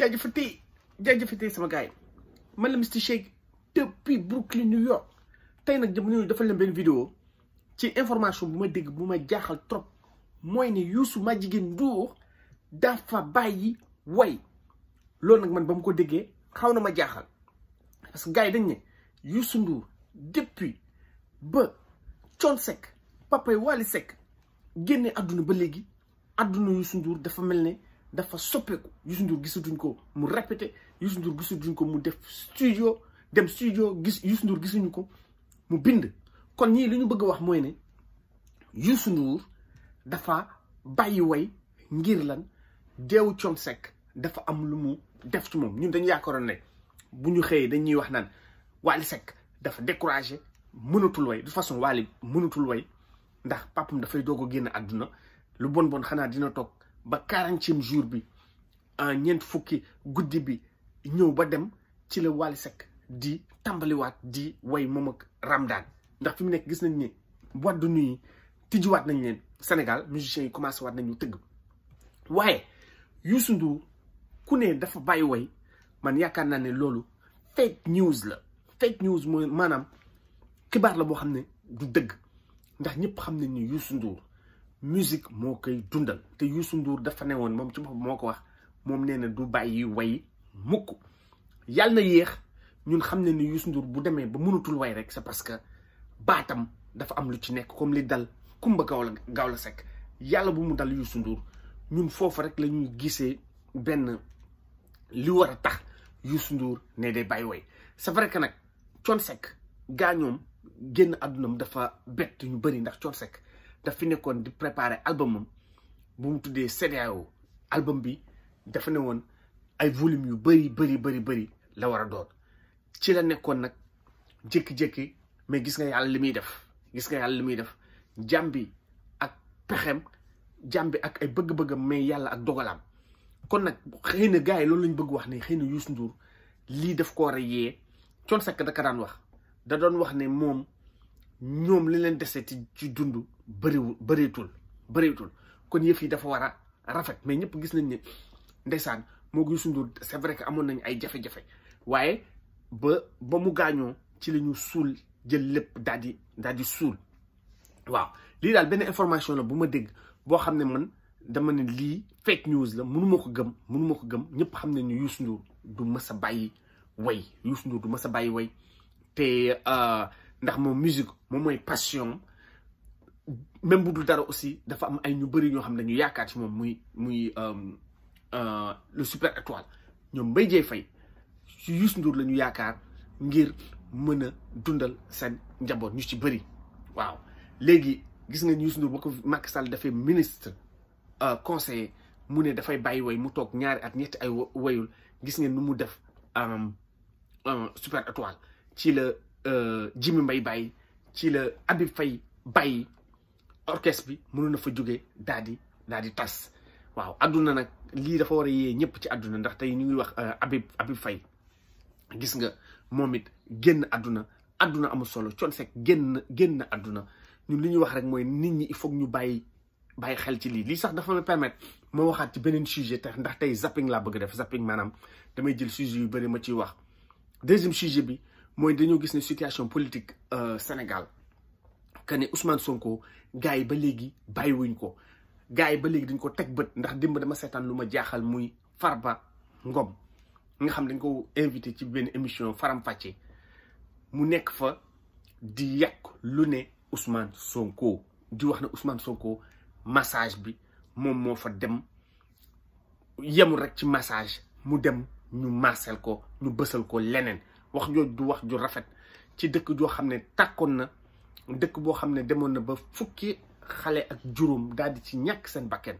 jaajëfati jaajëfati sama gars yi man la Mister Shake depuis Brooklyn New York tey nag jamono dafa leen benn vidéo ci information bu ma dégg bu ma jaaxal trop mooy ne Youssou Madjiguène Ndour dafa bàyyi way loolu nag man ba mu ko déggee xaw na ma jaaxal parce que gars yi dañ ne Youssou Ndour depuis ba Thione Seck papay Wally Seck génne àdduna ba léegi àdduna Youssou Ndour dafa mel ne dafa soppeeku Youssou Ndour gisatuñ ko mu répété Youssou Ndour gisatuñ ko mu def studio dem studio gis Youssou Ndour gisuñu ko mu bind kon ñii li ñu bëgg wax mooy ne Youssou Ndour dafa bàyyi way ngir lan deewu Thione sekk dafa am lu mu def ci moom ñun dañu yaakaaroon ne bu ñu xëyee dañ dañuy wax naan Wally sekk dafa découragé mënatul way de façon Wally mënatul way ndax papam dafay doog a génn àdduna lu bon bon xanaa dina toog ba quarantième jour bi en ñeent fukki guddi bi ñëw ba dem ci la Wally Seck di tàmbaliwaat di way moom ak Ramdan ndax fi mu nekk gis nañ ni boîte de nuit yi tijjiwaat nañ leen Sénégal musiciens yi commencé waat nañu tëgg waaye Youssou Ndour ku ne dafa bàyyi way man yaakaar naa ne loolu fake news la fake news mooy maanaam xibaar la boo xam ne du dëgg ndax ñëpp xam nañ ni Youssou Ndour musique moo koy dundal te Youssou Ndour dafa ne woon moom ci boppam moo ko wax moom nee na du bàyyi way mukk yàlla na yéex ñun xam ne ni Youssou Ndour bu demee ba mënatul way rek c'est parce que baatam dafa am lu ci nekk comme li dal Kumba Gawla la sekk yàlla bu mu dal Youssou Ndour ñun foofu rek lañuy gisee benn li war a tax Youssou Ndour ne day bàyyi way c'est vrai que nag Thione Seck gaañoom génn àddunam dafa bett ñu bëri ndax Thione Seck dafa nekkoon di préparer albumam bu mu tuddee CEDEAO album bi dafa ne woon ay volume yu bëri bëri bëri bëri la war a doon ci la nekkoon nag jékki-jékki mais gis nga yàlla li muy def gis nga yàlla li muy def jàmbi ak pexem jàmbi ak ay bëgg-bëggam mais yàlla ak dogalaam kon nag xëy na gars yi loolu lañ bëgg wax ne xëy na Youssou Ndour lii daf ko war a yee Thione Seck da ka daan wax da doon wax ne moom ñoom li leen dese ci dund bëriwul bëreetul bëreetul kon yëf yi dafa war a rafet mais ñëpp gis nañ ni ndesaan moo ko Youssou Ndour c'est vrai que amoon nañ ay jafe-jafe waaye ba ba mu gaañoo ci lañu suul jël lépp daal di daal di suul waaw lii daal benn information la bu ma dégg boo xam ne man dama ne lii fake news la mënu ko gëm mënu ko gëm ñëpp xam ne ñu Youssou Ndour du mës a bàyyi way Youssou mës a bàyyi way te euh, ndax moom musique moom mooy passion même bu dul dara aussi dafa am ay ñu bëri ñoo xam ne ñu yaakaar ci moom muy muy euh, euh, le super étoile ñoom Mbaye Dieye Faye ci lañu yaakaar ngir mën a dundal seen njaboot ñu ci bëri waaw léegi gis nga Youssou Ndour boo ko Macky dafay ministre euh, conseiller mu ne dafay bàyyi way mu toog ñaari at ñetti ay wayul gis ngeen nu mu def super étoile ci la Jimi mbay bàyyi ci la Habib fay bàyyi orchestre bi mënoon na fa jógee daal di tass waaw aduna nak li dafa wara yé yee ñëpp ci aduna ndax tay ñu ngi wax abib euh, Habib fay gis nga momit it génn aduna adduna amul solo Thione Seck génn génn aduna ñun li ñu wax rek moy nit ñi il faut ñu bàyyi bàyyi xel ci li li sax dafa ma permettre mo waxat ci benen sujet te ndax tay zapping la bëgg def zapping manam damay jël sujet yu bëri ma ci wax deuxième sujet bi moy dañu gis ni situation politique euh, Sénégal que ne Ousmane Sonko gaay ba ko gaay ba léegi dañ ko tek beut ndax dimb dama sétan luma muy Farba Ngom nga xam dañ ko invité ci ben émission Faram Facce mu nek fa di yak lu né Ousmane Sonko di wax Ousmane Sonko massage bi mom mo fa dem yemul rek ci massage mu dem ñu maasal ko ñu bëssal ko lenen wax jojju wax ju rafet ci dëkk jo na dëkk boo xam ne demoon na ba fukki xale ak juróom daal ci ñàkk seen bakken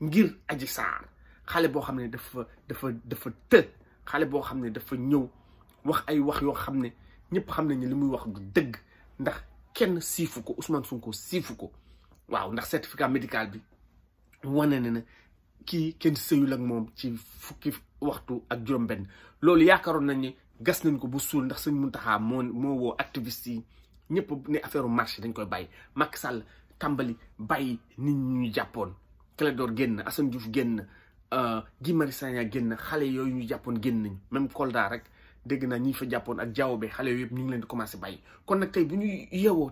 ngir aji saar xale boo xam ne dafa dafa dafa të xale boo xam ne dafa ñëw wax ay wax yoo xam ne ñëpp xam nañu li muy wax du dëgg ndax kenn siifu ko Ousmane Sonko siifu ko waaw ndax certificat médical bi wane ne na kii kenn sëyul ak moom ci fukki waxtu ak juróom-benn loolu yaakaaroon nañ ne gas nañ ko bu suul ndax sëñ Muntaxa moo moo woo activiste yi ñëpp ne affaire marché dañ koy bàyyi Macky Sall tàmbali bàyyi nit ñu jàppoon Clédor génn Assane Diouf génn euh, Guy Marius Sagna génn xale yooyu ñu jàppoon génn nañu même Kolda rek dégg na ñi fa jàppoon ak jaww be xale yooyu yëpp ñu ngi leen di commencé bàyyi kon nag tey bu ñuy yeewoo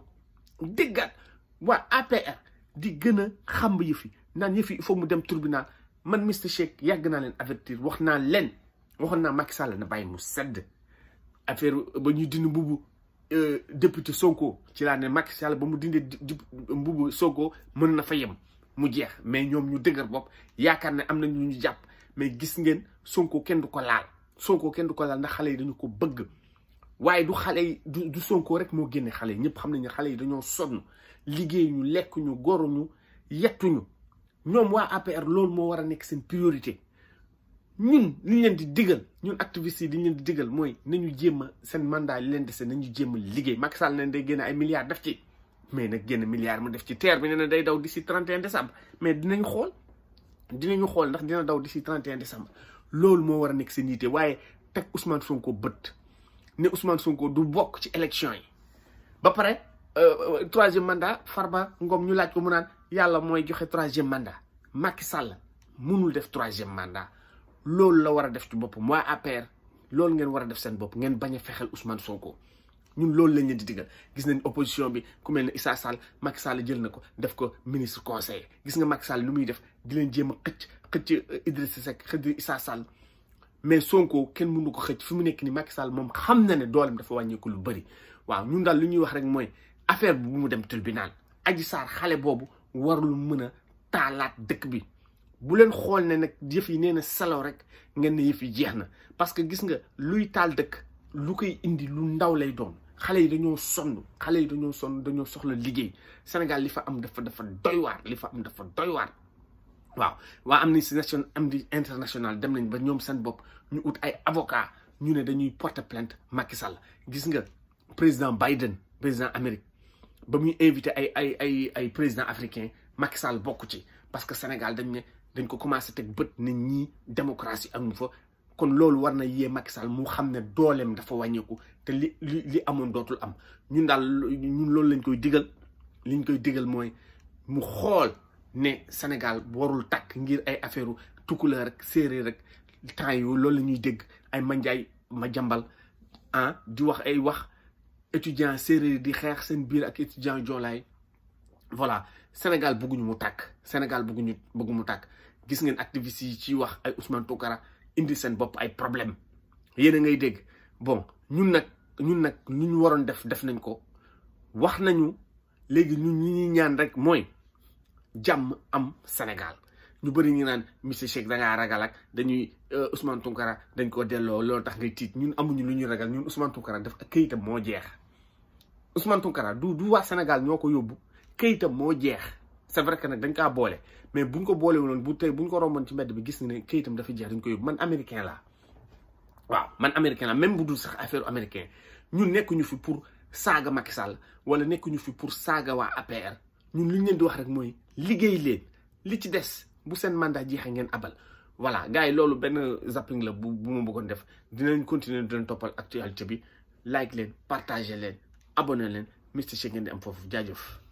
déggaat waa APR di gën a xàmb yëf yi naan yëf yi mu dem tribunal man Mister Shake yàgg naa leen avertir wax naa leen waxoon naa Macky Sall na bàyyi mu sedd affaire ba ñuy dindi mbubu Euh, député Sonko ci laa ne Macky Sall ba mu dindee mbubu Sonko mën na fa yem mu jeex mais ñoom ñu dëgër bopp yaakaar ne am na ñu ñu jàpp mais gis ngeen Sonko kenn du ko laal Sonko kenn du ko laal ndax xale yi dañu ko bëgg waaye du xale yi du du Sonko rek moo génne xale yi ñëpp xam nañu ne xale yi dañoo sonn liggéey ñu lekk ñu goruñu yettuñu ñoom waa APR loolu moo war a nekk seen priorité ñun liñ leen di digal ñun activistes yi liñ leen digal mooy nañu jéem a seen mandat li leen dese nañu jéem liggéey Macky Sall ne day génn ay milliards def ci mais nag génn milliards mu def ci terre bi nee na day daw d'ici 31 décembre mais dinañ xool dinañu xool ndax dina daw d'ici 31 décembre loolu moo war a nekk seen waaye teg Ousmane Sonko bët ne Ousmane Sonko du bokk ci élection yi ba pare euh, troisième mandat Farba Ngom ñu laaj ko mu naan yàlla mooy joxe troisième mandat Macky Sall mënul def troisième mandat loolu la war a def ci bopp waa APR loolu ngeen war a def seen bopp ngeen bañ a fexeel Ousmane Sonko ñun loolu lañ leen di digal gis nañ opposition bi ku mel ne Issa Sall Macky Sall jël na ko def ko ministre conseiller gis nga Macky Sall lu muy def di leen jéem a xëcc xëcc Idrissa Seck xëcc Issa Sall mais Sonko kenn mënu ko xëcc fi mu nekk ni Macky Sall moom xam na ne dooleem dafa wàññeeku lu bëri waaw ñun daal lu ñuy wax rek mooy affaire bi bu mu dem tribunal Adji Sarr xale boobu warul mën a taalaat dëkk bi bu leen xool ne nag yëf yi nee na salaw rek ngeen ne yëf jeex na parce que gis nga luy taal dëkk lu koy indi lu ndaw lay doon xale yi dañoo sonn xale yi dañoo sonn dañoo soxla liggéey Sénégal li fa am dafa dafa doy waar li fa am dafa doy waar waaw waa Amnesty Nation Amnesty International dem nañ ba ñoom seen bopp ñu ut ay avocat ñu ne dañuy porte plainte Macky Sall gis nga président Biden président Amérique ba muy invité ay ay ay ay président africain Macky Sall ci parce que Sénégal dañ dañ ko commencé teg bët nit ñi démocratie amu fa kon loolu war na yee Macky Sall mu xam ne dooleem dafa wàññeeku te li li li amoon dootul am ñun daal ñun loolu lañ koy digal liñ koy digal mooy mu xool ne Sénégal warul takk ngir ay affaire tukkuleur rek séeréer rek temps yu loolu lañuy dégg ay manjaay ma jàmbal ah di wax ay wax étudiant séeréer di xeex seen biir ak étudiant joolaay voilà Sénégal bëgguñu mu tak Sénégal bëgguñu bëggu mu tak gis ngeen activiste yi ci wax ay Ousmane tokara indi sen bop ay problème yeena ngay dégg bon ñun nak ñun nak lu ñu waroon def def nañ ko wax nañu légui ñun ñi ñi ñaan rek moy jam am Sénégal ñu bari ñi naan monsieur Cheikh da nga ragal ak dañuy euh, Ousmane Tounkara dañ ko delloo lo tax ngay tit ñun amuñu lu ñuy ragal ñun Ousmane Tounkara def ak këyitam mo jeex Ousmane Tounkara du du wa Sénégal ñoko yobbu kayitam moo jeex c'est vrai que nag dañ kaa boole mais buñ ko boolewuloon bu tey buñ ko romboon ci mbedd bi gis nga ne këyitam dafa jeex dañ ko yóbbu man américain la waaw man américain laa même bu sax affaire américain ñun nekkuñu fi pour saaga Sall wala nekkuñu fi pour saaga waa APR ñun li ñu leen di wax rek mooy liggéey li ci des bu seen mandat jeexee ngeen abal voilà gars yi loolu benn zapping la bu bu ma bëggoon def dinañ continuer di leen toppal actualité bi like leen partager leen abonné leen Mister Shake ngeen di am foofu jaajëf.